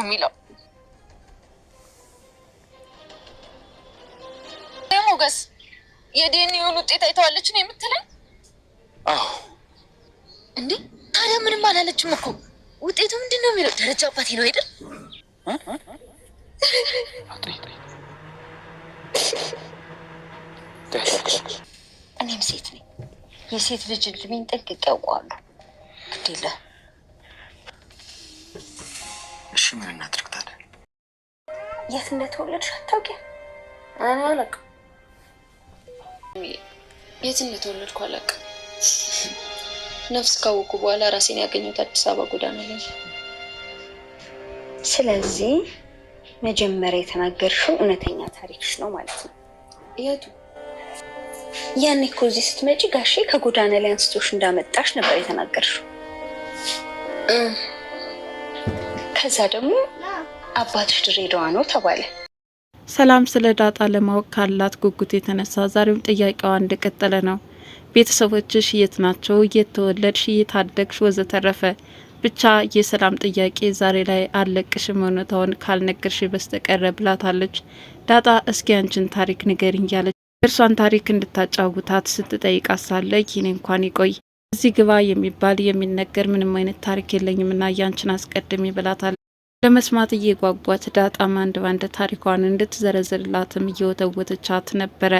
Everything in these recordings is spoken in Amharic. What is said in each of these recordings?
ነው የሚለው። ሞገስ የዲኤንኤውን ውጤት አይተዋለች ነው የምትለኝ? እንዴ ታዲያ ምንም አላለችም እኮ ውጤቱ ምንድን ነው የሚለው? ደረጃ አባቴ ነው አይደል? እኔም ሴት ነኝ። የሴት ልጅ እድሜን ጠንቅቄ ያውቀዋለሁ። ግዴለህ ምን እናድርግ ታዲያ? የት እንደተወለድሽ አታውቂም? እኔ አላውቅም። የት እንደተወለድኩ አላውቅም። ነፍስ ካወቁ በኋላ ራሴን ያገኘሁት አዲስ አበባ ጎዳና ላይ። ስለዚህ መጀመሪያ የተናገርሽው እውነተኛ ታሪክሽ ነው ማለት ነው። የቱ? ያኔ እኮ እዚህ ስትመጪ ጋሼ ከጎዳና ላይ አንስቶሽ እንዳመጣሽ ነበር የተናገርሽው። ከዛ ደግሞ አባትሽ ድሬዳዋ ነው ተባለ። ሰላም ስለ ዳጣ ለማወቅ ካላት ጉጉት የተነሳ ዛሬም ጥያቄዋ እንደቀጠለ ነው። ቤተሰቦችሽ የት ናቸው? የት ተወለድሽ? የታደግሽ? ወዘተረፈ ብቻ የሰላም ጥያቄ ዛሬ ላይ አለቅሽም እውነታውን ካልነገርሽ በስተቀረ ብላታለች። ዳጣ እስኪ ያንችን ታሪክ ንገሪኝ እያለች የእርሷን ታሪክ እንድታጫውታት ስትጠይቃት ሳለ እንኳን ይቆይ እዚህ ግባ የሚባል የሚነገር ምንም አይነት ታሪክ የለኝም ና ያንችን አስቀድሚ ብላታል። ለመስማት እየጓጓች ዳጣም አንድ ባንድ ታሪኳን እንድትዘረዝርላትም እየወተወተቻት ነበረ።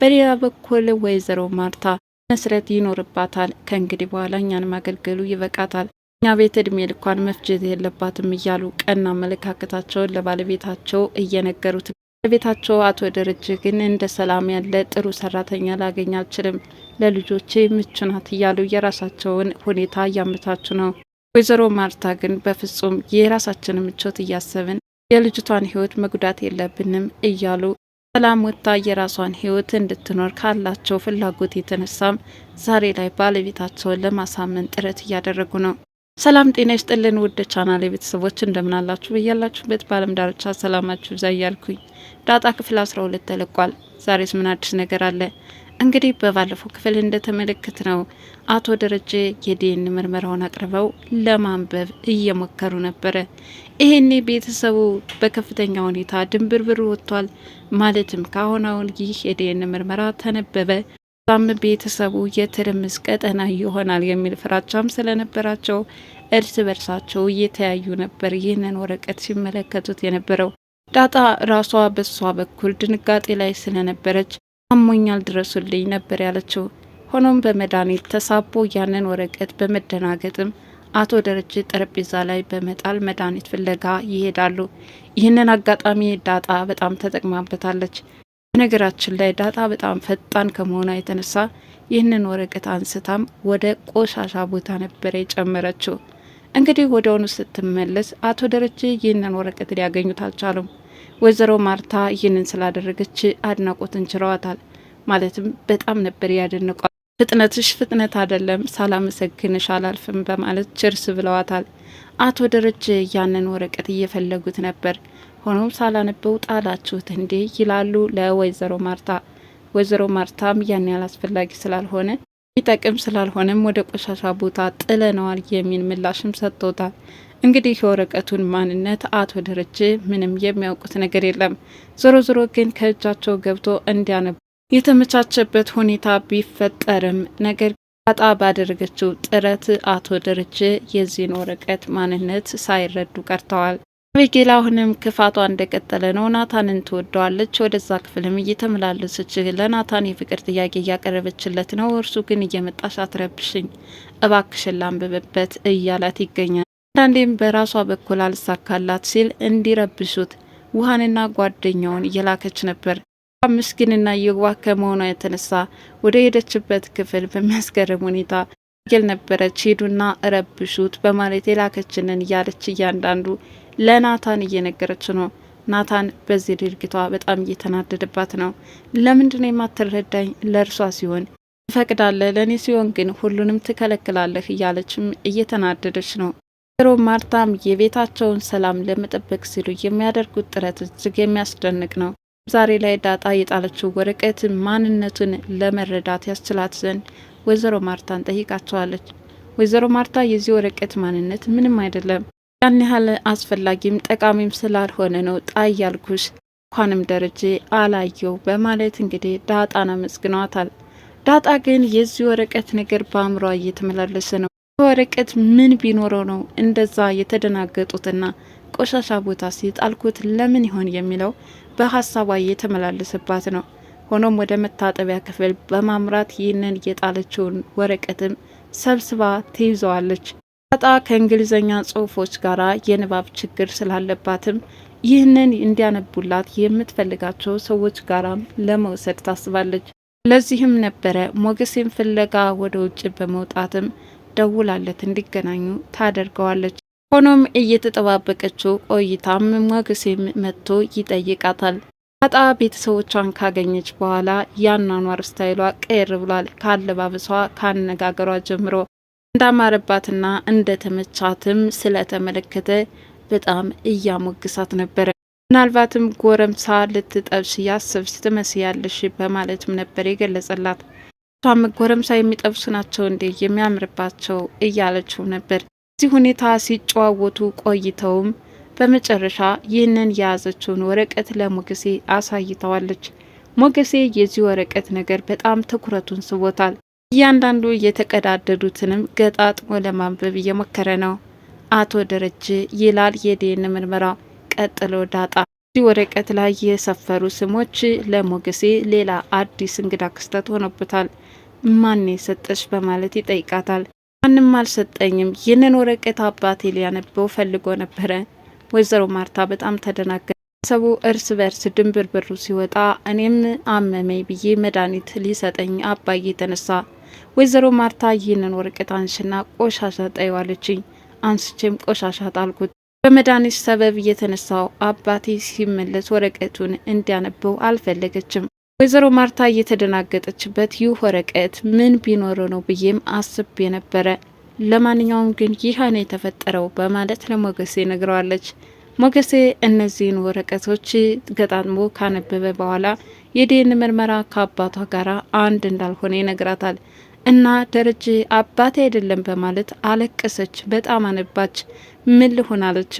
በሌላ በኩል ወይዘሮ ማርታ መስረት ይኖርባታል፣ ከእንግዲህ በኋላ እኛን ማገልገሉ ይበቃታል፣ እኛ ቤት እድሜ ልኳን መፍጀት የለባትም እያሉ ቀና አመለካከታቸውን ለባለቤታቸው እየነገሩት ቤታቸው አቶ ደረጀ ግን እንደ ሰላም ያለ ጥሩ ሰራተኛ ላገኝ አልችልም፣ ለልጆቼ ምቹ ናት እያሉ የራሳቸውን ሁኔታ እያመቻቹ ነው። ወይዘሮ ማርታ ግን በፍጹም የራሳችንን ምቾት እያሰብን የልጅቷን ህይወት መጉዳት የለብንም እያሉ ሰላም ወጥታ የራሷን ህይወት እንድትኖር ካላቸው ፍላጎት የተነሳም ዛሬ ላይ ባለቤታቸውን ለማሳመን ጥረት እያደረጉ ነው። ሰላም ጤና ይስጥልን ውድ ቻናል ቤተሰቦች እንደምናላችሁ በያላችሁበት በአለም ዳርቻ ሰላማችሁ ዛ እያልኩኝ ዳጣ ክፍል አስራ ሁለት ተለቋል። ዛሬስ ምን አዲስ ነገር አለ? እንግዲህ በባለፈው ክፍል እንደተመለከት ነው አቶ ደረጀ የዲኤን ምርመራውን አቅርበው ለማንበብ እየሞከሩ ነበረ። ይሄኔ ቤተሰቡ በከፍተኛ ሁኔታ ድንብርብር ወጥቷል። ማለትም ካሁን አሁን ይህ የዲኤን ምርመራ ተነበበ በዛም ቤተሰቡ የትርምስ ቀጠና ይሆናል የሚል ፍራቻም ስለነበራቸው እርስ በርሳቸው እየተያዩ ነበር ይህንን ወረቀት ሲመለከቱት የነበረው። ዳጣ ራሷ በሷ በኩል ድንጋጤ ላይ ስለነበረች አሞኛል ድረሱልኝ ነበር ያለችው። ሆኖም በመድኃኒት ተሳቦ ያንን ወረቀት በመደናገጥም አቶ ደረጀ ጠረጴዛ ላይ በመጣል መድኃኒት ፍለጋ ይሄዳሉ። ይህንን አጋጣሚ ዳጣ በጣም ተጠቅማበታለች። በነገራችን ላይ ዳጣ በጣም ፈጣን ከመሆኗ የተነሳ ይህንን ወረቀት አንስታም ወደ ቆሻሻ ቦታ ነበረ የጨመረችው። እንግዲህ ወደውኑ ስትመለስ አቶ ደረጀ ይህንን ወረቀት ሊያገኙት አልቻሉም። ወይዘሮ ማርታ ይህንን ስላደረገች አድናቆትን ችረዋታል። ማለትም በጣም ነበር ያደንቋል። ፍጥነትሽ ፍጥነት አይደለም ሳላመሰግንሽ አላልፍም በማለት ችርስ ብለዋታል። አቶ ደረጀ ያንን ወረቀት እየፈለጉት ነበር ሆኖም ሳላነበው ጣላችሁት እንዴ ይላሉ ለወይዘሮ ማርታ። ወይዘሮ ማርታም ያን ያህል አስፈላጊ ስላልሆነ የሚጠቅም ስላልሆነም ወደ ቆሻሻ ቦታ ጥለነዋል የሚል ምላሽም ሰጥቶታል። እንግዲህ የወረቀቱን ማንነት አቶ ደረጀ ምንም የሚያውቁት ነገር የለም። ዞሮ ዞሮ ግን ከእጃቸው ገብቶ እንዲያነቡ የተመቻቸበት ሁኔታ ቢፈጠርም ነገር ጣ ባደረገችው ጥረት አቶ ደረጀ የዚህን ወረቀት ማንነት ሳይረዱ ቀርተዋል። አቤጌል አሁንም ክፋቷ እንደቀጠለ ነው። ናታንን ትወደዋለች። ወደዛ ክፍልም እየተመላለሰች ለናታን የፍቅር ጥያቄ እያቀረበችለት ነው። እርሱ ግን እየመጣሽ አትረብሽኝ፣ እባክሽን ላንብብበት እያላት ይገኛል። አንዳንዴም በራሷ በኩል አልሳካላት ሲል እንዲረብሹት ውሃንና ጓደኛውን እየላከች ነበር። ምስኪንና የዋህ ከመሆኗ የተነሳ ወደ ሄደችበት ክፍል በሚያስገርም ሁኔታ አቤጌል ነበረች። ሄዱና እረብሹት በማለት የላከችንን እያለች እያንዳንዱ ለናታን እየነገረች ነው። ናታን በዚህ ድርጊቷ በጣም እየተናደደባት ነው። ለምንድን ነው የማትረዳኝ? ለእርሷ ሲሆን ትፈቅዳለህ፣ ለእኔ ሲሆን ግን ሁሉንም ትከለክላለህ እያለችም እየተናደደች ነው። ሮ ማርታም የቤታቸውን ሰላም ለመጠበቅ ሲሉ የሚያደርጉት ጥረት እጅግ የሚያስደንቅ ነው። ዛሬ ላይ ዳጣ የጣለችው ወረቀት ማንነቱን ለመረዳት ያስችላት ዘንድ ወይዘሮ ማርታን ጠይቃቸዋለች። ወይዘሮ ማርታ የዚህ ወረቀት ማንነት ምንም አይደለም ያን ያህል አስፈላጊም ጠቃሚም ስላልሆነ ነው ጣይ ያልኩሽ፣ እንኳንም ደረጀ አላየው በማለት እንግዲህ ዳጣን አመስግኗታል። ዳጣ ግን የዚህ ወረቀት ነገር በአእምሯ እየተመላለሰ ነው። ወረቀት ምን ቢኖረው ነው እንደዛ የተደናገጡትና ቆሻሻ ቦታ ሲጣልኩት ለምን ይሆን የሚለው በሀሳቧ እየተመላለሰባት ነው። ሆኖም ወደ መታጠቢያ ክፍል በማምራት ይህንን የጣለችውን ወረቀትም ሰብስባ ትይዘዋለች። ዳጣ ከእንግሊዝኛ ጽሁፎች ጋር የንባብ ችግር ስላለባትም ይህንን እንዲያነቡላት የምትፈልጋቸው ሰዎች ጋራም ለመውሰድ ታስባለች። ለዚህም ነበረ ሞገሴን ፍለጋ ወደ ውጭ በመውጣትም ደውላለት እንዲገናኙ ታደርገዋለች። ሆኖም እየተጠባበቀችው ቆይታም ሞገሴም መጥቶ ይጠይቃታል። ዳጣ ቤተሰቦቿን ካገኘች በኋላ ያኗኗር ስታይሏ ቀየር ብሏል። ካለባበሷ ከአነጋገሯ ጀምሮ እንዳማረባትና እንደተመቻትም ስለተመለከተ በጣም እያሞግሳት ነበረ። ምናልባትም ጎረምሳ ልትጠብስ ያሰብሽ ትመስያለሽ በማለትም ነበር የገለጸላት። እሷም ጎረምሳ የሚጠብሱ ናቸው እንዴ የሚያምርባቸው እያለችው ነበር። እዚህ ሁኔታ ሲጨዋወቱ ቆይተውም በመጨረሻ ይህንን የያዘችውን ወረቀት ለሞገሴ አሳይተዋለች። ሞገሴ የዚህ ወረቀት ነገር በጣም ትኩረቱን ስቦታል። እያንዳንዱ የተቀዳደዱትንም ገጣጥሞ ለማንበብ እየሞከረ ነው። አቶ ደረጀ ይላል የዲኤንኤ ምርመራ ቀጥሎ ዳጣ እዚህ ወረቀት ላይ የሰፈሩ ስሞች ለሞገሴ ሌላ አዲስ እንግዳ ክስተት ሆኖበታል። ማን የሰጠሽ በማለት ይጠይቃታል። ማንም አልሰጠኝም፣ ይህንን ወረቀት አባቴ ሊያነበው ፈልጎ ነበረ። ወይዘሮ ማርታ በጣም ተደናገረ። ሰቡ እርስ በርስ ድንብርብሩ ሲወጣ እኔም አመመኝ ብዬ መድኃኒት ሊሰጠኝ አባዬ የተነሳ ወይዘሮ ማርታ ይህንን ወረቀት አንሽና ቆሻሻ ጣይዋለችኝ። አንስቼም ቆሻሻ ጣልኩት። በመድኃኒት ሰበብ የተነሳው አባቴ ሲመለስ ወረቀቱን እንዲያነበው አልፈለገችም። ወይዘሮ ማርታ እየተደናገጠችበት ይህ ወረቀት ምን ቢኖረ ነው ብዬም አስቤ ነበረ። ለማንኛውም ግን ይህ ነው የተፈጠረው በማለት ለሞገሴ ነግረዋለች። ሞገሴ እነዚህን ወረቀቶች ገጣጥሞ ካነበበ በኋላ የዲኤንኤ ምርመራ ከአባቷ ጋር አንድ እንዳልሆነ ይነግራታል። እና ደረጀ አባቴ አይደለም በማለት አለቀሰች። በጣም አነባች። ምን ልሆናለች?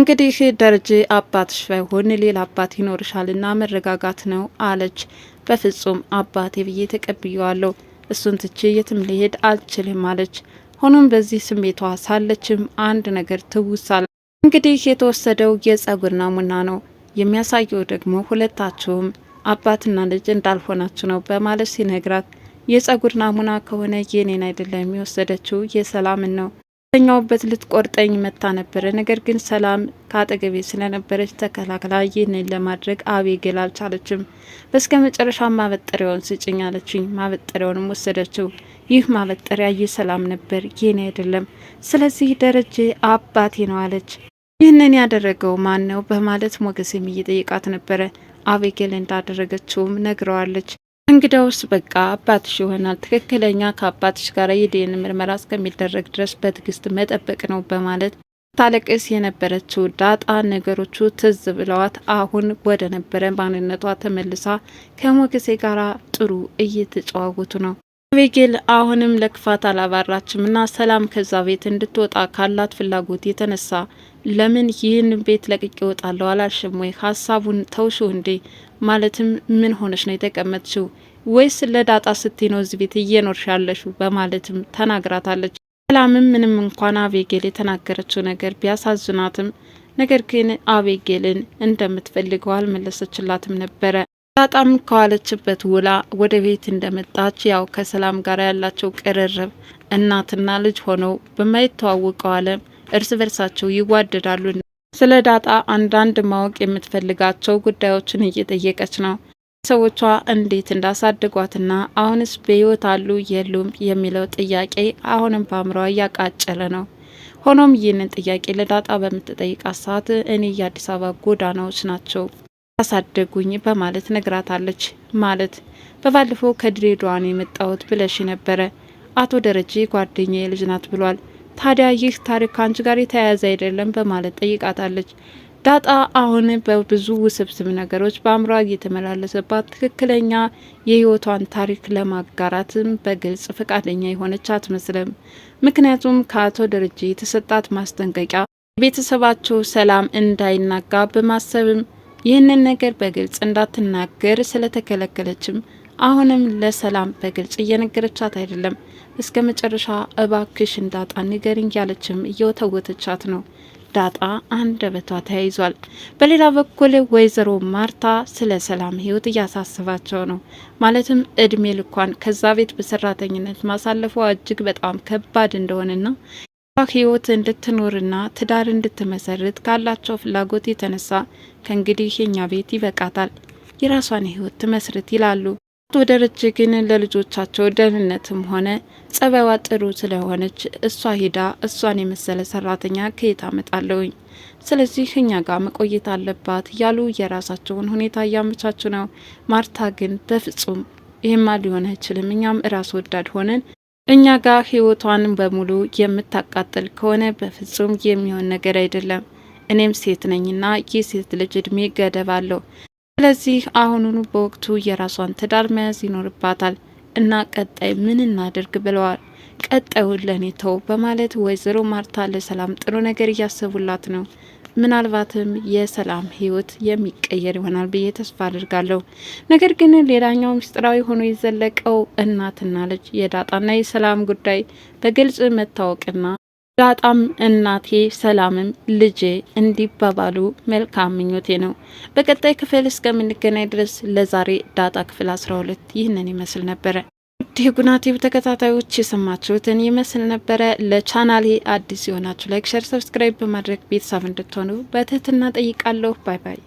እንግዲህ ደረጀ አባትሽ ባይሆን ሌላ አባት ይኖርሻልና መረጋጋት ነው አለች። በፍጹም አባቴ ብዬ ተቀብየዋለሁ። እሱን ትቼ የትም ልሄድ አልችልም አለች። ሆኖም በዚህ ስሜቷ ሳለችም አንድ ነገር ትውሳል። እንግዲህ የተወሰደው የጸጉር ናሙና ነው የሚያሳየው ደግሞ ሁለታችሁም አባትና ልጅ እንዳልሆናችሁ ነው በማለት ሲነግራት የጸጉር ናሙና ከሆነ የኔን አይደለም የሚወሰደችው የሰላምን ነው። ተኛውበት ልትቆርጠኝ መታ ነበረ። ነገር ግን ሰላም ከአጠገቤ ስለነበረች ተከላክላ ይህንን ለማድረግ ግል አልቻለችም። በስከ መጨረሻ ማበጠሪያውን ስጭኝ አለችኝ። ማበጠሪያውንም ወሰደችው። ይህ ማበጠሪያ የሰላም ነበር፣ የኔ አይደለም። ስለዚህ ደረጀ አባቴ ነው አለች። ይህንን ያደረገው ማን ነው በማለት ሞገሴም እየጠየቃት ነበረ። አቤጌል እንዳደረገችውም ነግረዋለች። እንግዳውስ በቃ አባትሽ ይሆናል። ትክክለኛ ከአባትሽ ጋር የዲኤንኤ ምርመራ እስከሚደረግ ድረስ በትዕግስት መጠበቅ ነው በማለት ታለቅስ የነበረችው ዳጣ ነገሮቹ ትዝ ብለዋት አሁን ወደ ነበረ ማንነቷ ተመልሳ ከሞገሴ ጋር ጥሩ እየተጨዋወቱ ነው። አቤጌል አሁንም ለክፋት አላባራችም እና ሰላም ከዛ ቤት እንድትወጣ ካላት ፍላጎት የተነሳ ለምን ይህን ቤት ለቅቄ እወጣለሁ አላልሽም ወይ? ሀሳቡን ተውሽው እንዴ? ማለትም ምን ሆነች ነው የተቀመጥሽው? ወይስ ለዳጣ ስቲ ነው እዚህ ቤት እየኖርሻለሹ? በማለትም ተናግራታለች። ሰላምም ምንም እንኳን አቤጌል የተናገረችው ነገር ቢያሳዝናትም ነገር ግን አቤጌልን እንደምትፈልገው አልመለሰችላትም ነበረ። ዳጣም ከዋለችበት ውላ ወደ ቤት እንደመጣች ያው ከሰላም ጋር ያላቸው ቅርርብ እናትና ልጅ ሆነው በማይተዋወቀው ዓለም እርስ በርሳቸው ይዋደዳሉ። ስለ ዳጣ አንዳንድ ማወቅ የምትፈልጋቸው ጉዳዮችን እየጠየቀች ነው። ሰዎቿ እንዴት እንዳሳድጓትና አሁንስ በህይወት አሉ የሉም የሚለው ጥያቄ አሁንም በአእምሯ እያቃጨለ ነው። ሆኖም ይህንን ጥያቄ ለዳጣ በምትጠይቃት ሰዓት እኔ የአዲስ አበባ ጎዳናዎች ናቸው ያሳደጉኝ በማለት ነግራታለች። ማለት በባለፈው ከድሬዷን ነው የመጣሁት ብለሽ ነበረ። አቶ ደረጀ ጓደኛ የልጅ ናት ብሏል። ታዲያ ይህ ታሪክ ከአንቺ ጋር የተያያዘ አይደለም በማለት ጠይቃታለች። ዳጣ አሁን በብዙ ውስብስብ ነገሮች በአእምሯ እየተመላለሰባት ትክክለኛ የህይወቷን ታሪክ ለማጋራትም በግልጽ ፈቃደኛ የሆነች አትመስልም። ምክንያቱም ከአቶ ደረጀ የተሰጣት ማስጠንቀቂያ የቤተሰባቸው ሰላም እንዳይናጋ በማሰብም ይህንን ነገር በግልጽ እንዳትናገር ስለተከለከለችም አሁንም ለሰላም በግልጽ እየነገረቻት አይደለም። እስከ መጨረሻ እባክሽ እንዳጣ ንገሪኝ ያለችም እየወተወተቻት ነው። ዳጣ አንደበቷ ተያይዟል። በሌላ በኩል ወይዘሮ ማርታ ስለ ሰላም ህይወት እያሳስባቸው ነው። ማለትም እድሜ ልኳን ከዛ ቤት በሰራተኝነት ማሳለፏ እጅግ በጣም ከባድ እንደሆነና ህይወት እንድትኖርና ትዳር እንድትመሰርት ካላቸው ፍላጎት የተነሳ ከእንግዲህ የኛ ቤት ይበቃታል፣ የራሷን ህይወት ትመስርት ይላሉ። አቶ ደረጀ ግን ለልጆቻቸው ደህንነትም ሆነ ጸባይዋ ጥሩ ስለሆነች እሷ ሂዳ እሷን የመሰለ ሰራተኛ ከየት አመጣለውኝ ስለዚህ እኛ ጋር መቆየት አለባት ያሉ የራሳቸውን ሁኔታ እያመቻቹ ነው። ማርታ ግን በፍጹም ይህማ ሊሆን አይችልም፣ እኛም እራስ ወዳድ ሆነን እኛ ጋር ህይወቷን በሙሉ የምታቃጥል ከሆነ በፍጹም የሚሆን ነገር አይደለም። እኔም ሴት ነኝና ይህ ሴት ልጅ እድሜ ገደብ አለው። ስለዚህ አሁኑኑ በወቅቱ የራሷን ትዳር መያዝ ይኖርባታል እና ቀጣይ ምን እናድርግ ብለዋል። ቀጣዩን ለእኔ ተው በማለት ወይዘሮ ማርታ ለሰላም ጥሩ ነገር እያሰቡላት ነው። ምናልባትም የሰላም ህይወት የሚቀየር ይሆናል ብዬ ተስፋ አድርጋለሁ። ነገር ግን ሌላኛው ምስጢራዊ ሆኖ የዘለቀው እናትና ልጅ የዳጣና የሰላም ጉዳይ በግልጽ መታወቅና ዳጣም እናቴ ሰላምም ልጄ እንዲባባሉ መልካም ምኞቴ ነው። በቀጣይ ክፍል እስከምንገናኝ ድረስ ለዛሬ ዳጣ ክፍል 12 ይህንን ይመስል ነበረ። ውድ የጉናቲቭ ተከታታዮች የሰማችሁትን ይመስል ነበረ። ለቻናሌ አዲስ የሆናችሁ ላይክ፣ ሸር፣ ሰብስክራይብ በማድረግ ቤተሰብ እንድትሆኑ በትህትና ጠይቃለሁ። ባይ ባይ።